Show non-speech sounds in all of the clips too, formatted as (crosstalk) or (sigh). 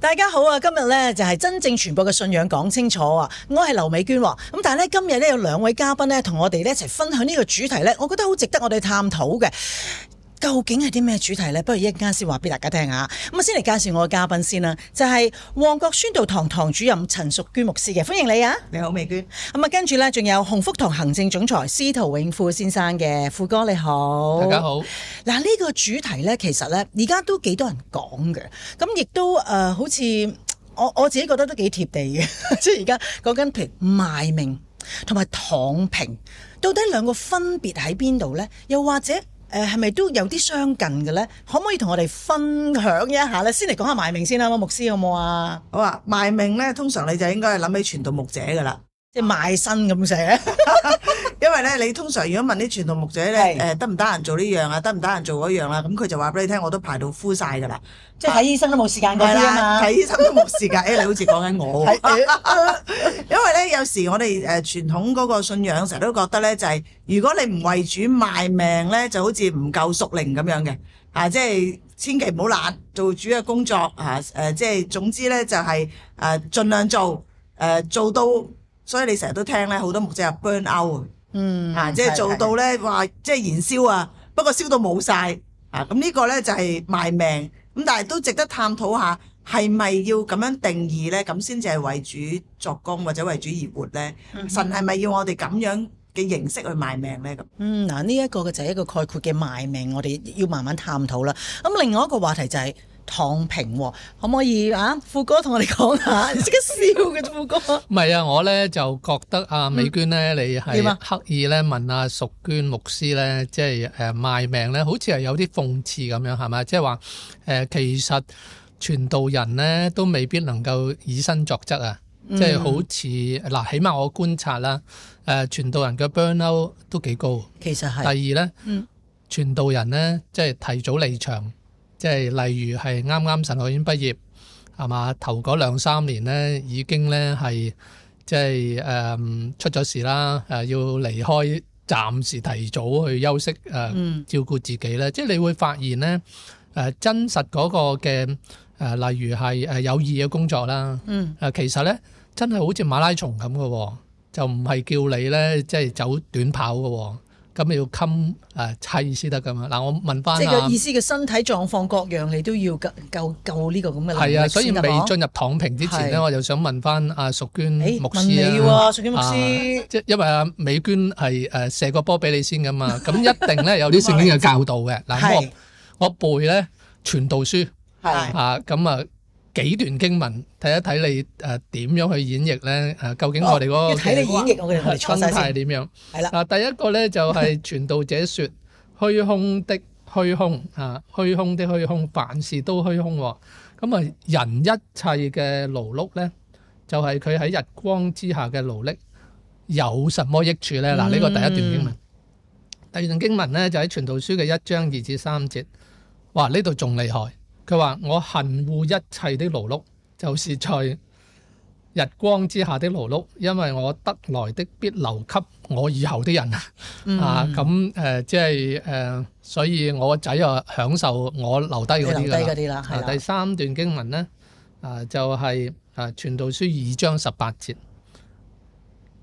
大家好啊！今日呢就係真証傳播嘅信仰講清楚啊！我係劉美娟，咁但係呢，今日呢有兩位嘉賓呢同我哋呢一齊分享呢個主題呢，我覺得好值得我哋探討嘅。究竟係啲咩主題呢？不如一陣間先話俾大家聽下。咁啊，先嚟介紹我嘅嘉賓先啦，就係、是、旺角宣道堂堂主任陳淑娟牧師嘅，歡迎你啊！你好，美娟。咁啊，跟住呢，仲有鴻福堂行政總裁司徒永富先生嘅，富哥你好，大家好。嗱，呢個主題呢，其實呢，而家都幾多人講嘅，咁亦都誒、呃，好似我我自己覺得都幾貼地嘅，即係而家講緊譬如賣命同埋躺平，到底兩個分別喺邊度呢？又或者？誒係咪都有啲相近嘅咧？可唔可以同我哋分享一下咧？先嚟講下賣命先啦，牧師有冇啊？好，好，好啊，賣命咧，通常你就應該係諗起傳道牧者㗎喇。即係賣身咁寫，因為咧，你通常如果問啲傳統牧者咧，誒是、呃，得唔得閒做呢樣啊？得唔得閒做嗰樣啊？咁佢就話俾你聽，我都排到枯晒噶啦，即係睇醫生都冇時間嗰啲睇醫生都冇時間。誒， (laughs) 你好似講緊我，啊， (laughs) 因為咧有時我哋誒傳統嗰個信仰成日都覺得咧就係、是，如果你唔為主賣命咧，就好似唔夠屬靈咁樣嘅，啊，即係千祈唔好懶做主嘅工作啊，誒、啊，即係總之咧就係誒盡量做誒、啊、做到。所以你成日都聽咧，好多牧者有 burn out，啊，即係做到咧話即係燃燒啊，不過燒到冇晒。啊，咁、這個、呢個咧就係、是、賣命，咁但係都值得探討下，係咪要咁樣定義咧？咁先至係為主作工或者為主而活咧？神係咪要我哋咁樣嘅形式去賣命咧？咁嗯，嗱、啊，呢、這、一個嘅就係一個概括嘅賣命，我哋要慢慢探討啦。咁另外一個話題就係、是。躺平可唔可以啊？富哥同我哋講下，你即刻笑嘅富哥。唔係 (laughs) 啊，我咧就覺得啊，美娟咧，嗯、你係刻意咧問阿、啊、淑娟牧師咧，即係誒賣命咧，好似係有啲諷刺咁樣，係咪？即係話誒，其實傳道人咧都未必能夠以身作則啊，即係、嗯、好似嗱，起碼我觀察啦，誒、呃，傳道人嘅 burnout 都幾高。其實係。第二咧，嗯，傳道人咧即係提早離場。即係例如係啱啱神學院畢業係嘛？頭嗰兩三年咧已經咧係即係誒、呃、出咗事啦誒、呃、要離開，暫時提早去休息誒、呃、照顧自己咧。即係你會發現咧誒、呃、真實嗰個嘅誒、呃、例如係誒有意嘅工作啦誒、嗯呃、其實咧真係好似馬拉松咁嘅、哦，就唔係叫你咧即係走短跑嘅、哦。咁你要襟誒砌意思得噶嘛？嗱、啊，我問翻、啊、即係個意思嘅身體狀況各樣，你都要夠夠呢個咁嘅。係啊，所以未進入躺平之前咧，是我就想問翻阿淑娟牧師啊。要啊，淑娟牧師。啊、即係因為阿美娟係誒、呃、射個波俾你先噶嘛，咁一定咧有啲聖經嘅教導嘅。嗱、 (laughs) 啊，我我背咧傳道書。係的。啊，咁啊。幾段經文，睇一睇，你誒點、呃、樣去演繹咧？誒、啊，究竟我哋睇、那個哦、你演繹、啊、我哋嘅心態點樣？係啦了，嗱、啊，第一個咧就係、是、傳道者說：虛空 (laughs) 的虛空，吓、啊，虛空的虛空，凡事都虛空。咁啊，人一切嘅勞碌咧，就係佢喺日光之下嘅勞力，有什麼益處咧？嗱、啊、呢、這個第一段經文。 (laughs) 第二段經文咧就喺《傳道書》嘅一章二至三節。哇！呢度仲厲害。佢話：我恨惡一切的勞碌，就是在日光之下的勞碌，因為我得來的必留給我以後的人、嗯、啊。咁誒、呃，即係誒、呃，所以我仔又享受我留低嗰啲啦。第三段經文咧，啊就係、是、啊傳道書二章十八節。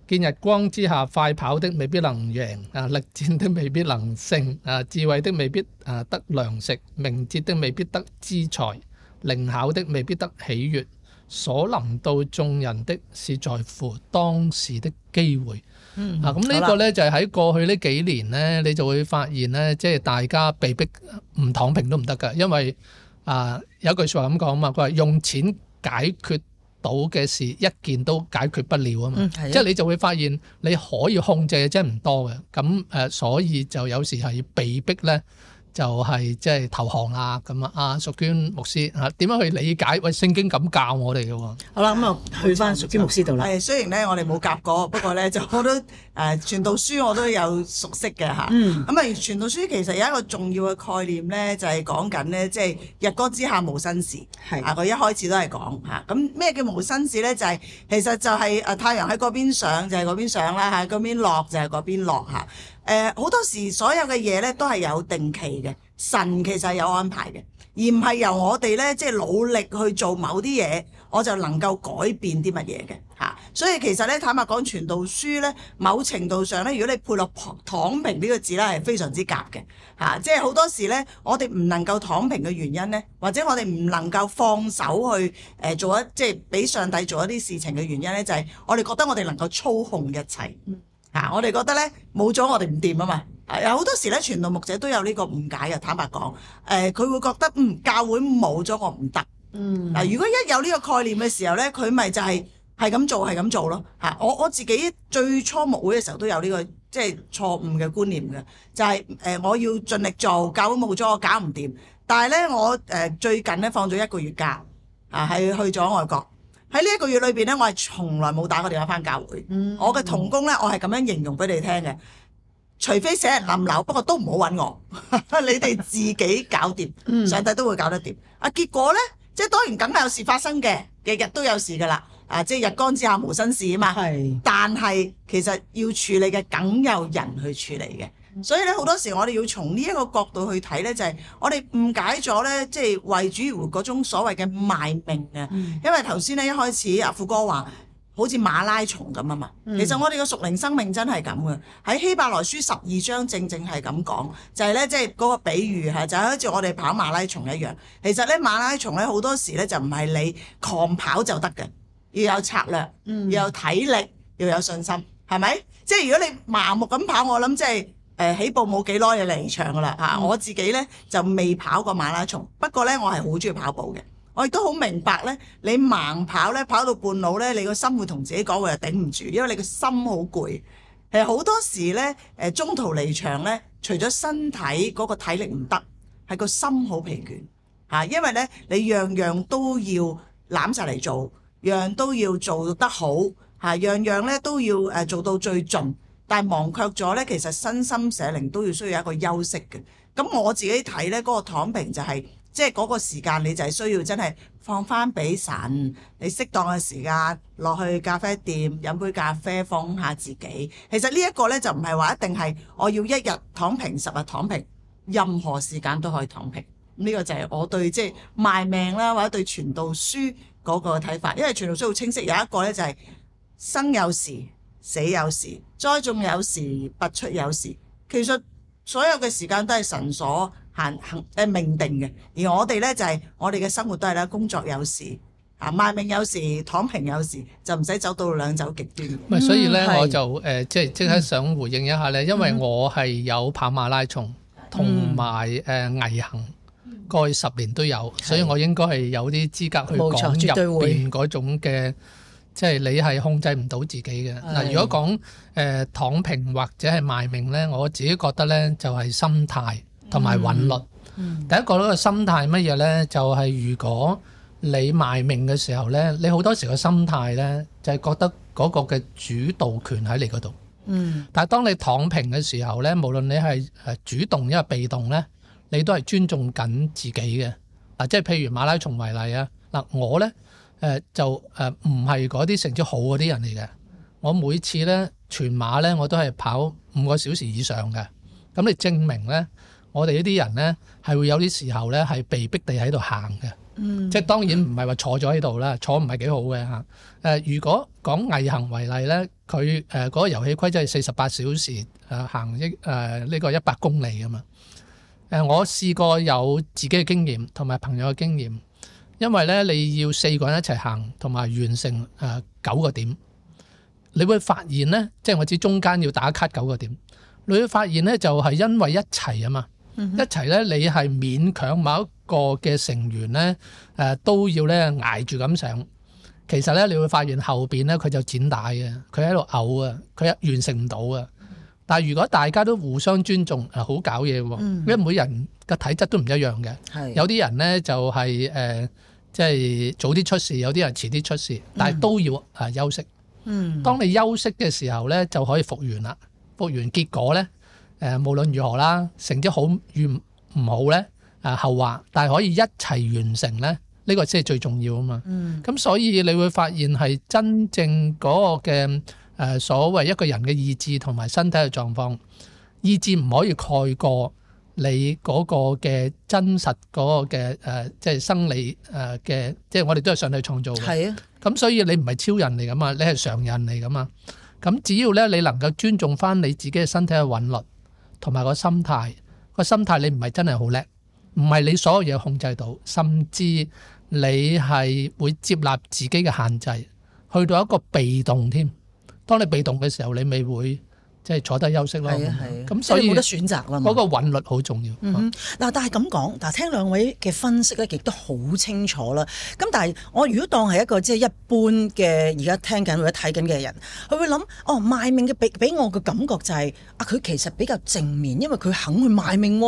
見日光之下快跑的未必能贏啊！力戰的未必能勝啊！智慧的未必啊得糧食，明哲的未必得資財，靈巧的未必得喜悅。所能到眾人的，是在乎當時的機會。嗯、啊，咁呢個咧吧就係喺過去呢幾年咧，你就會發現咧，即係大家被逼唔躺平都唔得噶，因為啊有句說話咁講啊嘛，佢話用錢解決到嘅事一件都解決不了啊嘛，嗯、即係你就會發現你可以控制嘅真係唔多嘅，咁誒，所以就有時係被逼咧。就係即係投降啦咁啊！阿淑娟牧師嚇點樣去理解喂聖經咁教我哋嘅喎？好啦，咁啊去翻淑娟牧師度啦。係，雖然咧我哋冇夾過，不過咧就我都誒呃、傳道書我都有熟悉嘅嚇。咁、嗯、啊，傳道書其實有一個重要嘅概念咧，就係講緊咧，即係日光之下無新事。係嘅。啊，佢一開始都係講嚇，咁、啊、咩叫無新事咧？就係、係、其實就係誒太陽喺嗰邊上就係嗰邊上啦，喺嗰邊落就係嗰邊落嚇，就係誒好、呃、多時所有嘅嘢咧都係有定期嘅，神其實係有安排嘅，而唔係由我哋咧即係努力去做某啲嘢，我就能夠改變啲乜嘢嘅嚇。所以其實咧坦白講，傳道書咧某程度上咧，如果你配落躺平呢、這個字咧係非常之夾嘅嚇。即係好多時咧，我哋唔能夠躺平嘅原因咧，或者我哋唔能夠放手去誒、呃、做一即係俾上帝做一啲事情嘅原因咧，就係、是、我哋覺得我哋能夠操控一切。嗱、啊，我哋覺得咧冇咗我哋唔掂啊嘛，有、啊、好多時咧傳道牧者都有呢個誤解嘅，坦白講，誒、呃、佢會覺得嗯教會冇咗我唔得，嗯、啊、嗱，如果一有呢個概念嘅時候咧，佢咪就係係咁做係咁做咯嚇，我、啊、我自己最初牧會嘅時候都有呢、這個即係錯誤嘅觀念嘅，就係、是、誒、呃、我要盡力做，教會冇咗我搞唔掂，但係咧我誒、呃、最近咧放咗一個月假啊，係去咗外國。喺呢一個月裏邊咧，我係從來冇打過電話翻教會。嗯、我嘅同工咧，我係咁樣形容俾你聽嘅，除非成日冧樓，不過都唔好揾我， (laughs) 你哋自己搞掂，上帝都會搞得掂。啊，結果咧，即係當然梗係有事發生嘅，日日都有事噶啦。啊，即係日光之下無新事啊嘛。係是，但係其實要處理嘅梗有人去處理嘅。所以咧，好多時我哋要從呢一個角度去睇咧，就係、是、我哋誤解咗咧，即、就、係、是、為主僕嗰種所謂嘅賣命嘅。嗯、因為頭先咧一開始阿富哥話好似馬拉松咁啊嘛，其實我哋嘅屬靈生命真係咁嘅。喺希伯來書十二章正正係咁講，就係咧即係嗰個比喻係就是、好似我哋跑馬拉松一樣。其實咧馬拉松咧好多時咧就唔係你狂跑就得嘅，要有策略，要有體力，要有信心，係咪？即係如果你盲目咁跑，我諗即係。誒起步冇幾耐就離場啦嚇！我自己呢，就未跑過馬拉松，不過呢，我係好中意跑步嘅。我亦都好明白呢你盲跑呢，跑到半路呢，你個心會同自己講話我頂唔住，因為你個心好攰。誒好多時呢，誒中途離場呢，除咗身體嗰個體力唔得，係個心好疲倦嚇。因為呢，你樣樣都要攬晒嚟做，樣都要做得好嚇，樣樣呢都要誒做到最盡。但係忘卻咗呢，其實身心社靈都要需要一個休息嘅。咁我自己睇呢嗰、那個躺平就係、是、即係嗰個時間，你就係需要真係放翻俾神。你適當嘅時間落去咖啡店飲杯咖啡，放下自己。其實呢一個呢，就唔係話一定係我要一日躺平十日躺平，任何時間都可以躺平。呢、這個就係我對即係賣命啦，或者對傳道書嗰個睇法，因為傳道書好清晰，有一個呢就係、是、生有時。死有時，栽種有時，拔出有時。其實所有嘅時間都係神所行行誒命定嘅。而我哋咧就係、是、我哋嘅生活都係咧工作有時，啊賣命有時，躺平有時，就唔使走到兩走極端。唔係、嗯，所以咧是我就誒、呃、即係即刻想回應一下咧，嗯、因為我係有跑馬拉松同埋誒毅行，嗯、過去十年都有，嗯、所以我應該係有啲資格去講入邊嗰種嘅。即係你係控制唔到自己嘅嗱。的如果講誒、呃、躺平或者係賣命呢，我自己覺得呢就係、是、心態同埋韻律。嗯嗯、第一個咧個心態乜嘢呢？就係、是、如果你賣命嘅時候,時候呢，你好多時個心態呢就係、是、覺得嗰個嘅主導權喺你嗰度。嗯。但係當你躺平嘅時候呢，無論你係主動因為被動呢，你都係尊重緊自己嘅嗱、啊。即係譬如馬拉松為例啊，嗱我呢。誒、呃、就誒唔係嗰啲成績好嗰啲人嚟嘅。我每次咧全馬咧我都係跑五個小時以上嘅。咁你證明咧，我哋呢啲人咧係會有啲時候咧係被逼地喺度行嘅。嗯、即係當然唔係話坐咗喺度啦，坐唔係幾好嘅嚇。誒、呃、如果講毅行為例咧，佢誒嗰個遊戲規則係四十八小時誒行一誒呢個一百公里啊嘛。誒、呃、我試過有自己嘅經驗同埋朋友嘅經驗，因為咧，你要四個人一齊行，同埋完成誒九、呃、個點，你會發現咧，即係我知中間要打卡九個點，你會發現咧，就係因為一齊啊嘛，嗯、哼一齊咧，你係勉強某一個嘅成員咧，誒、呃、都要咧捱住咁上。其實咧，你會發現後邊咧，佢就剪帶嘅，佢喺度嘔啊，佢完成唔到啊。但係如果大家都互相尊重，係、呃、好搞嘢喎，因為每人嘅體質都唔一樣嘅，嗯、哼有啲人咧就係、是、誒。呃即係早啲出事，有啲人遲啲出事，但係都要啊休息。嗯，當你休息嘅時候呢，就可以復原啦。復原結果呢，誒、呃、無論如何啦，成績好與唔好呢，啊、呃、後話，但係可以一齊完成呢，呢、呢個先係最重要啊嘛。嗯，咁所以你會發現係真正嗰個嘅誒、呃、所謂一個人嘅意志同埋身體嘅狀況，意志唔可以蓋過。你嗰個嘅真實嗰個嘅誒、呃，即係生理誒嘅，即係我哋都係上去創造嘅。係啊的，咁所以你唔係超人嚟㗎嘛，你係常人嚟㗎嘛。咁只要咧，你能夠尊重翻你自己嘅身體嘅韻律，同埋個心態。個心態你唔係真係好叻，唔係你所有嘢控制到，甚至你係會接納自己嘅限制，去到一個被動添。當你被動嘅時候，你咪會。即係坐低休息咯，咁、啊啊、所以冇得選擇啦嘛。嗰以個韻律好重要。嗱、嗯，但係咁講，但係聽兩位嘅分析咧，亦都好清楚啦。咁但係我如果當係一個即係一般嘅而家聽緊或者睇緊嘅人，佢會諗哦賣命嘅俾俾我嘅感覺就係、是、啊佢其實比較正面，因為佢肯去賣命，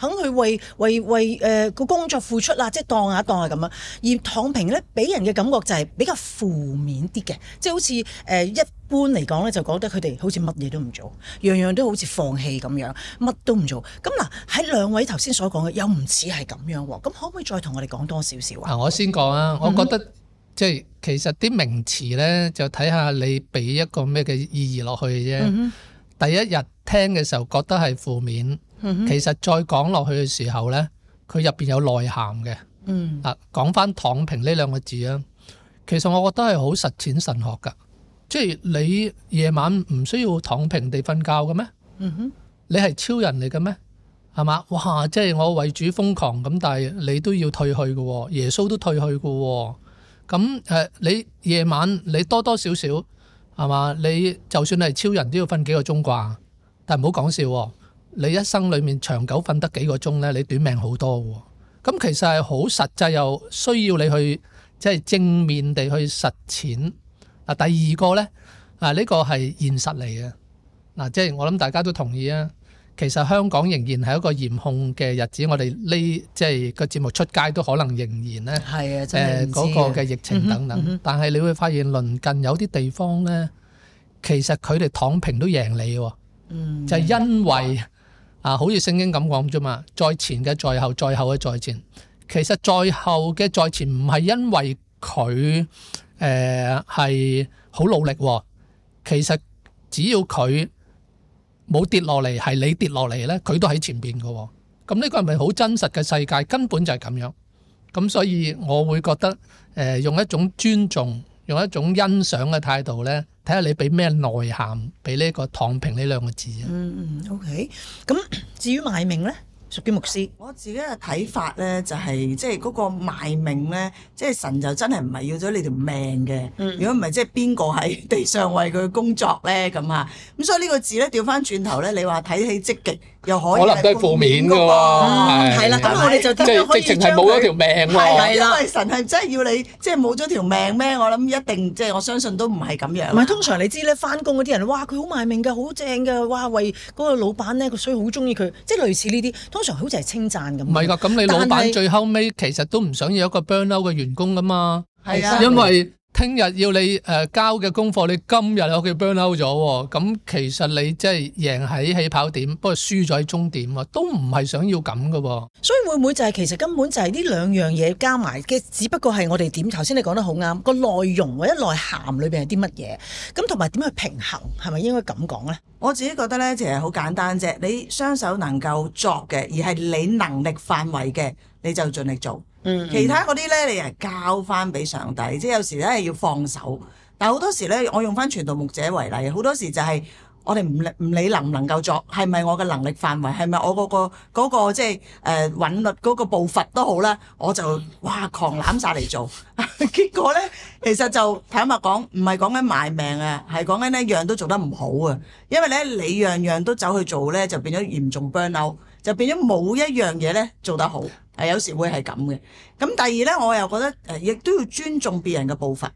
肯去為為為誒個、呃、工作付出啦，即係當下當係咁樣。而躺平咧，俾人嘅感覺就係比較負面啲嘅，即係好似誒、呃、一般嚟講咧，就覺得佢哋好似乜嘢都唔做，樣樣都好似放棄咁樣，乜都唔做。咁嗱喺兩位頭先所講嘅，又唔似係咁樣喎。咁可唔可以再同我哋講多少少啊？嗱，我先講啊，我覺得即係其實啲名詞呢，就睇下你俾一個咩嘅意義落去嘅啫。第一日聽嘅時候覺得係負面，其實再講落去嘅時候呢，佢入邊有內涵嘅。嗯，嗱，講翻躺平呢兩個字啊，其實我覺得係好實踐神學噶。即係你夜晚唔需要躺平地瞓覺嘅咩？嗯哼，你係超人嚟嘅咩？係嘛？哇！即係我為主瘋狂咁，但係你都要退去嘅喎，耶穌都退去嘅喎。咁誒、呃，你夜晚你多多少少係嘛？你就算係超人都要瞓幾個鐘啩？但係唔好講笑，你一生裏面長久瞓得幾個鐘咧，你短命好多喎。咁其實係好實際又需要你去即係、就是、正面地去實踐。嗱，第二個咧，啊，呢個係現實嚟嘅，嗱，即係我諗大家都同意啊。其實香港仍然係一個嚴控嘅日子，我哋呢即係個節目出街都可能仍然咧，誒嗰個嘅疫情等等。但係你會發現鄰近有啲地方咧，其實佢哋躺平都贏你喎，就係因為啊，好似聖經咁講啫嘛，在前嘅在後，在後嘅在前，其實在後嘅在前唔係因為佢。誒，係好、呃、努力、哦，其實只要佢冇跌落嚟，係你跌落嚟咧，佢都喺前邊嘅、哦。咁、嗯、呢、呢個係咪好真實嘅世界？根本就係咁樣。咁、嗯、所以我會覺得誒、呃，用一種尊重，用一種欣賞嘅態度咧，睇下你俾咩內涵俾呢個躺平呢兩個字啊。嗯嗯，OK。咁至於賣命咧？屬於牧師，我自己嘅睇法咧就係、是，即係嗰個賣命咧，即、就、係、是、神就真係唔係要咗你條命嘅。如果唔係，即係邊個喺地上為佢工作咧？咁啊，咁所以呢個字咧，調翻轉頭咧，你話睇起積極又可能都係負面嘅喎。啦、嗯，咁我哋就可以即係直情係冇咗條命喎、啊。啦的？因為神係真係要你，即係冇咗條命咩？我諗一定即係我相信都唔係咁樣。唔係通常你知咧，翻工嗰啲人，哇佢好賣命㗎，好正㗎，哇為嗰個老闆咧，佢所以好中意佢，即係類似呢啲。通常好似係稱讚咁，唔係噶。咁你老闆最後尾是其實都唔想要一個 burn out 嘅員工噶嘛，係啊，因為，聽日要你誒、呃、交嘅功課，你今日我叫 burn out 咗喎。咁、哦、其實你即係贏喺起跑點，不過輸咗喺終點啊，都唔係想要咁嘅喎。所以會唔會就係、是、其實根本就係呢兩樣嘢加埋嘅？只不過係我哋點頭先，你講得好啱。個內容或者內涵裏邊係啲乜嘢？咁同埋點去平衡？係咪應該咁講呢？我自己覺得呢，其實好簡單啫。你雙手能夠作嘅，而係你能力範圍嘅，你就盡力做。嗯嗯，其他嗰啲咧，你係交翻俾上帝，即係有時咧，要放手。但係好多時咧，我用翻傳道牧者為例，好多時就係、是。我哋唔理唔理能唔能夠做，係咪我嘅能力範圍，係咪我嗰個嗰個即係誒韻律嗰個步伐都好咧，我就哇狂攬曬嚟做，結果咧其實就坦白講，唔係講緊賣命啊，係講緊一樣都做得唔好啊，因為咧你樣樣都走去做咧，就變咗嚴重 burn out，就變咗冇一樣嘢咧做得好，係有時會係咁嘅。咁第二咧，我又覺得亦都要尊重別人嘅步伐。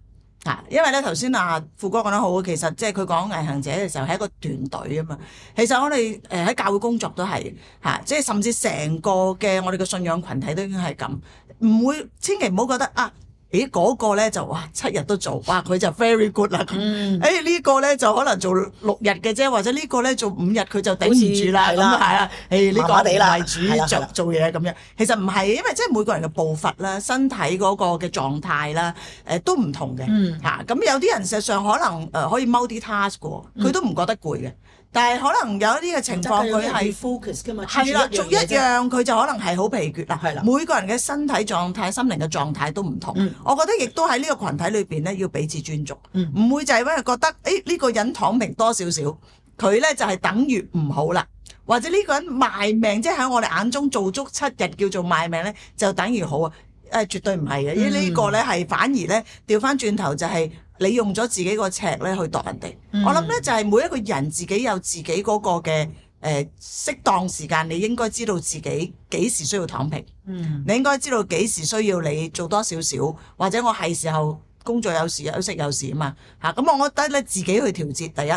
啊，因為咧頭先啊富哥講得好，其實即係佢講毅行者嘅時候係一個團隊啊嘛。其實我哋誒喺教會工作都係嚇、啊，即係甚至成個嘅我哋嘅信仰群體都已經係咁，唔會千祈唔好覺得啊。咦嗰、哎，那個咧就哇七日都做，哇佢就 very good 啦咁。嗯，哎，這個、呢個咧就可能做六日嘅啫，或者個呢個咧做五日佢就頂唔住啦咁，係啊，誒呢個業主的做的做嘢咁樣。其實唔係，因為即係每個人嘅步伐啦、身體嗰個嘅狀態啦，誒、呃、都唔同嘅嚇。咁、嗯啊、有啲人實際上可能誒可以 multitask 個，佢都唔覺得攰嘅。嗯但係可能有啲嘅情況，佢係 focus 㗎嘛，係啦，做的一樣佢的就可能係好疲倦啦。係啦的，每個人嘅身體狀態、心靈嘅狀態都唔同。嗯、我覺得亦都喺呢個群體裏邊咧，要彼此尊重，唔、嗯、會就係因為覺得，誒、哎、呢、呢個人躺平多少少，佢咧就係、是、等於唔好啦。或者呢個人賣命，即係喺我哋眼中做足七日叫做賣命咧，就等於好啊？誒、哎，絕對唔係嘅，因為個呢呢個咧係反而咧調翻轉頭就係、是。你用咗自己個尺咧去度人哋，mm hmm。我諗咧就係、是、每一個人自己有自己嗰個嘅誒、呃、適當時間，你應該知道自己幾時需要躺平，mm hmm。你應該知道幾時需要你做多少少，或者我係時候工作，有時休息有，有時嘛啊嘛嚇，咁、嗯、我覺得咧自己去調節第一。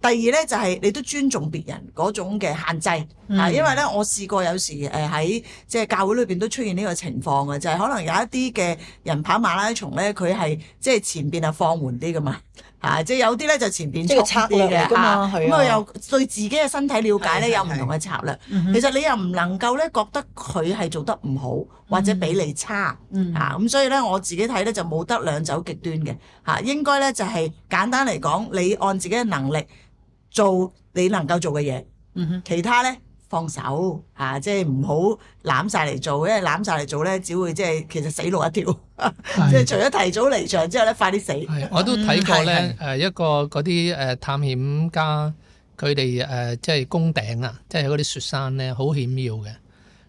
第二咧就係你都尊重別人嗰種嘅限制啊，嗯、因為咧我試過有時誒喺即係教會裏邊都出現呢個情況嘅，就係、是、可能有一啲嘅人跑馬拉松咧，佢係即係前邊係放緩啲噶嘛。啊，即係有啲咧就前邊粗啲嘅啊，咁啊又、嗯、對自己嘅身體了解咧有唔同嘅策略。嗯、哼其實你又唔能夠咧覺得佢係做得唔好或者比你差啊咁，所以咧我自己睇咧就冇得兩走極端嘅嚇、啊，應該咧就係、是、簡單嚟講，你按自己嘅能力做你能夠做嘅嘢。嗯哼，其他咧。放手啊，即係唔好攬晒嚟做，因為攬晒嚟做咧，只會即係其實死路一條。即係除咗提早離場之後咧，快啲死。我都睇過咧，誒一個嗰啲誒探險家，佢哋誒即係攻頂啊，即係嗰啲雪山咧，好險要嘅。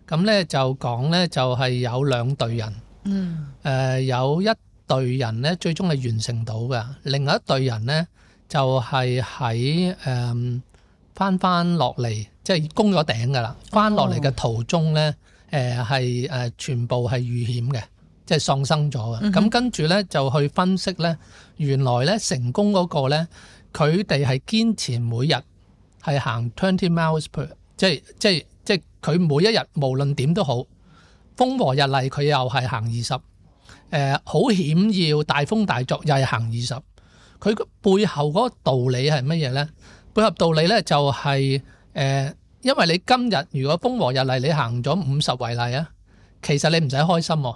咁咧就講咧，就係有兩隊人，嗯，誒有一隊人咧，最終係完成到嘅，另外一隊人咧就係喺誒。翻翻落嚟，即係攻咗頂㗎喇！翻落嚟嘅途中咧，誒係誒全部係遇險嘅，即係喪生咗嘅。咁、mm hmm. 跟住咧就去分析咧，原來咧成功嗰個咧，佢哋係堅持每日係行 twenty miles per，即係即係即係佢每一日無論點都好，風和日麗佢又係行二十、呃，誒好險要大風大作又係行二十，佢背後嗰道理係乜嘢咧？配合道理咧，就係、是、誒、呃，因為你今日如果風和日麗，你行咗五十為例啊，其實你唔使開心，啊，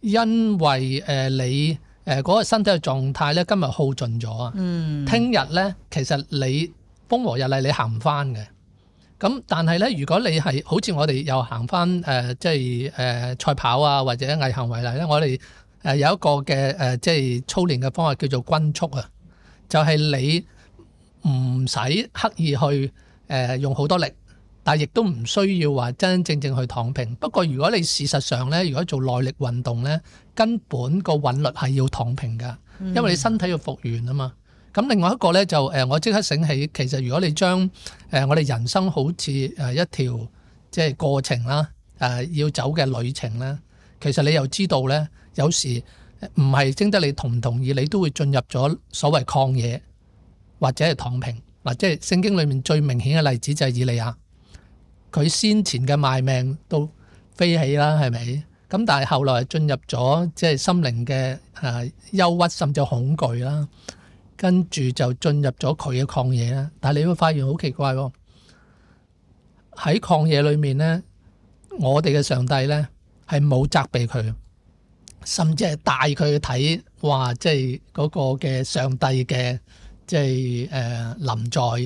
因為誒、呃、你誒嗰、呃那個身體嘅狀態咧，今日耗盡咗啊。嗯。聽日咧，其實你風和日麗，你行唔翻嘅。咁但係咧，如果你係好似我哋又行翻誒、呃，即係誒賽跑啊，或者毅行為例咧，我哋誒、呃、有一個嘅誒、呃，即係操練嘅方法叫做均速啊，就係、是、你。唔使刻意去誒、呃、用好多力，但亦都唔需要話真真正正去躺平。不過如果你事實上呢，如果做耐力運動呢，根本個韻律係要躺平㗎，因為你身體要復原啊嘛。咁、嗯、另外一個呢，就誒、呃，我即刻醒起，其實如果你將誒、呃、我哋人生好似誒一條即係過程啦，誒、呃、要走嘅旅程啦，其實你又知道呢，有時唔係徵得你同唔同意，你都會進入咗所謂曠野。或者係躺平，或者係聖經裏面最明顯嘅例子就係以利亞，佢先前嘅賣命都飛起啦，係咪？咁但係後來進入咗即係心靈嘅誒憂鬱，甚至恐懼啦，跟住就進入咗佢嘅曠野啦。但係你會發現好奇怪喎，喺曠野裏面呢，我哋嘅上帝呢，係冇責備佢，甚至係帶佢去睇，哇！即係嗰個嘅上帝嘅。即係誒臨在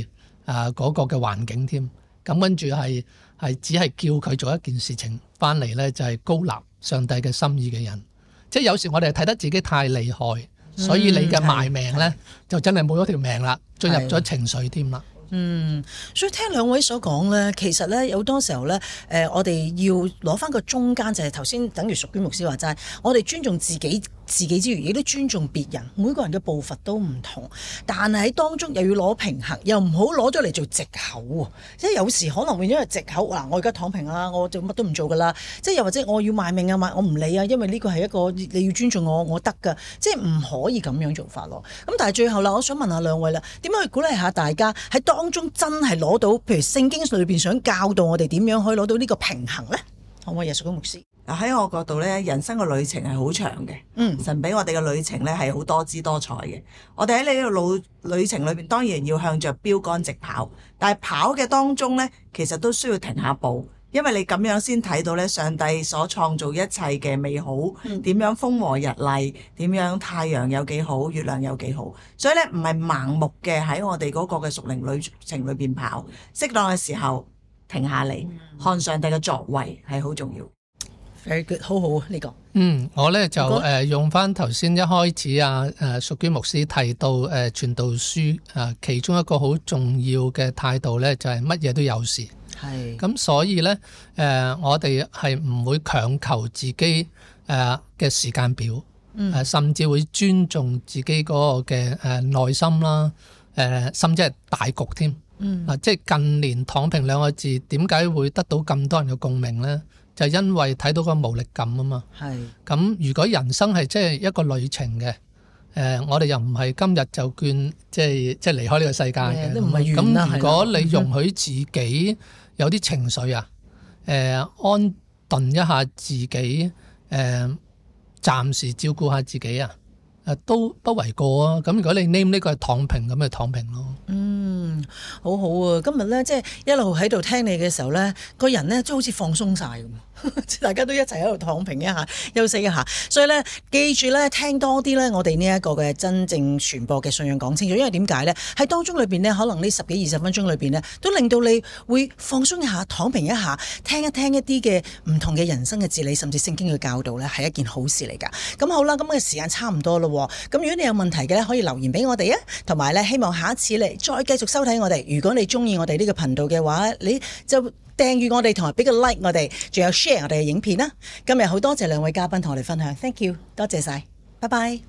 啊，嗰、呃那個嘅環境添，咁跟住係，係只係叫佢做一件事情翻嚟咧，就係、是、高立上帝嘅心意嘅人。即係有時我哋睇得自己太厲害，所以你嘅賣命咧就真係冇咗條命啦，進入咗情緒添啦。嗯，所以聽兩位所講咧，其實咧有多時候咧，誒、呃、我哋要攞翻個中間，就係頭先等於淑娟牧師話齋，我哋尊重自己。自己之餘，亦都尊重別人。每個人嘅步伐都唔同，但係喺當中又要攞平衡，又唔好攞咗嚟做藉口喎。即係有時可能會因為藉口，嗱，我而家躺平啦，我就乜都唔做㗎啦。即係又或者我要賣命啊，賣我唔理啊，因為呢個係一個你要尊重我，我得㗎。即係唔可以咁樣做法咯。咁但係最後啦，我想問下兩位啦，點樣去鼓勵下大家喺當中真係攞到？譬如聖經裏邊想教導我哋點樣可以攞到呢個平衡呢？我係耶穌嘅牧師。喺我角度咧，人生嘅旅程係好長嘅。嗯，神俾我哋嘅旅程咧係好多姿多彩嘅。我哋喺呢個路旅程裏邊，當然要向着標竿直跑。但係跑嘅當中咧，其實都需要停下步，因為你咁樣先睇到咧上帝所創造一切嘅美好，點、嗯、樣風和日麗，點樣太陽有幾好，月亮有幾好。所以咧唔係盲目嘅喺我哋嗰個嘅屬靈旅程裏邊跑，適當嘅時候，停下嚟看上帝嘅作為係好重要。Very Good，好好啊呢、這個。嗯，我咧就誒用翻頭先一開始啊誒，淑娟牧師提到誒傳、啊、道書啊，其中一個好重要嘅態度咧，就係乜嘢都有時。係是。咁所以咧誒、啊，我哋係唔會強求自己誒嘅、啊、時間表，誒、嗯啊、甚至會尊重自己嗰個嘅誒內心啦，誒、啊、甚至係大局添。嗯，即係近年躺平兩個字，點解會得到咁多人嘅共鳴呢？就係、因為睇到個無力感啊嘛。係是。咁如果人生係即係一個旅程嘅，誒、呃，我哋又唔係今日就倦，即係即係離開呢個世界嘅。咁、哎、如果你容許自己有啲情緒啊，誒的、呃，安頓一下自己，誒、呃，暫時照顧下自己啊。誒都不為過啊！咁如果你 name 呢個係躺平咁，咪躺平咯。嗯，好好啊。今日咧，即係一路喺度聽你嘅時候咧，個人咧都好似放鬆晒咁。 (laughs) 大家都一齊喺度躺平一下，休息一下。所以咧，記住咧，聽多啲咧，我哋呢一個嘅真証傳播嘅信仰講清楚。因為點解呢？喺當中裏邊呢，可能呢十幾二十分鐘裏邊呢，都令到你會放鬆一下，躺平一下，聽一聽一啲嘅唔同嘅人生嘅哲理，甚至聖經嘅教導呢，係一件好事嚟噶。咁好啦，咁嘅時間差唔多咯。咁如果你有問題嘅可以留言俾我哋啊。同埋咧，希望下一次你再繼續收睇我哋。如果你中意我哋呢個頻道嘅話，你就。訂閱我哋，同埋俾個 like 我哋，仲有 share 我哋嘅影片啦。今日好多謝兩位嘉賓同我哋分享，Thank you，多謝晒，拜拜。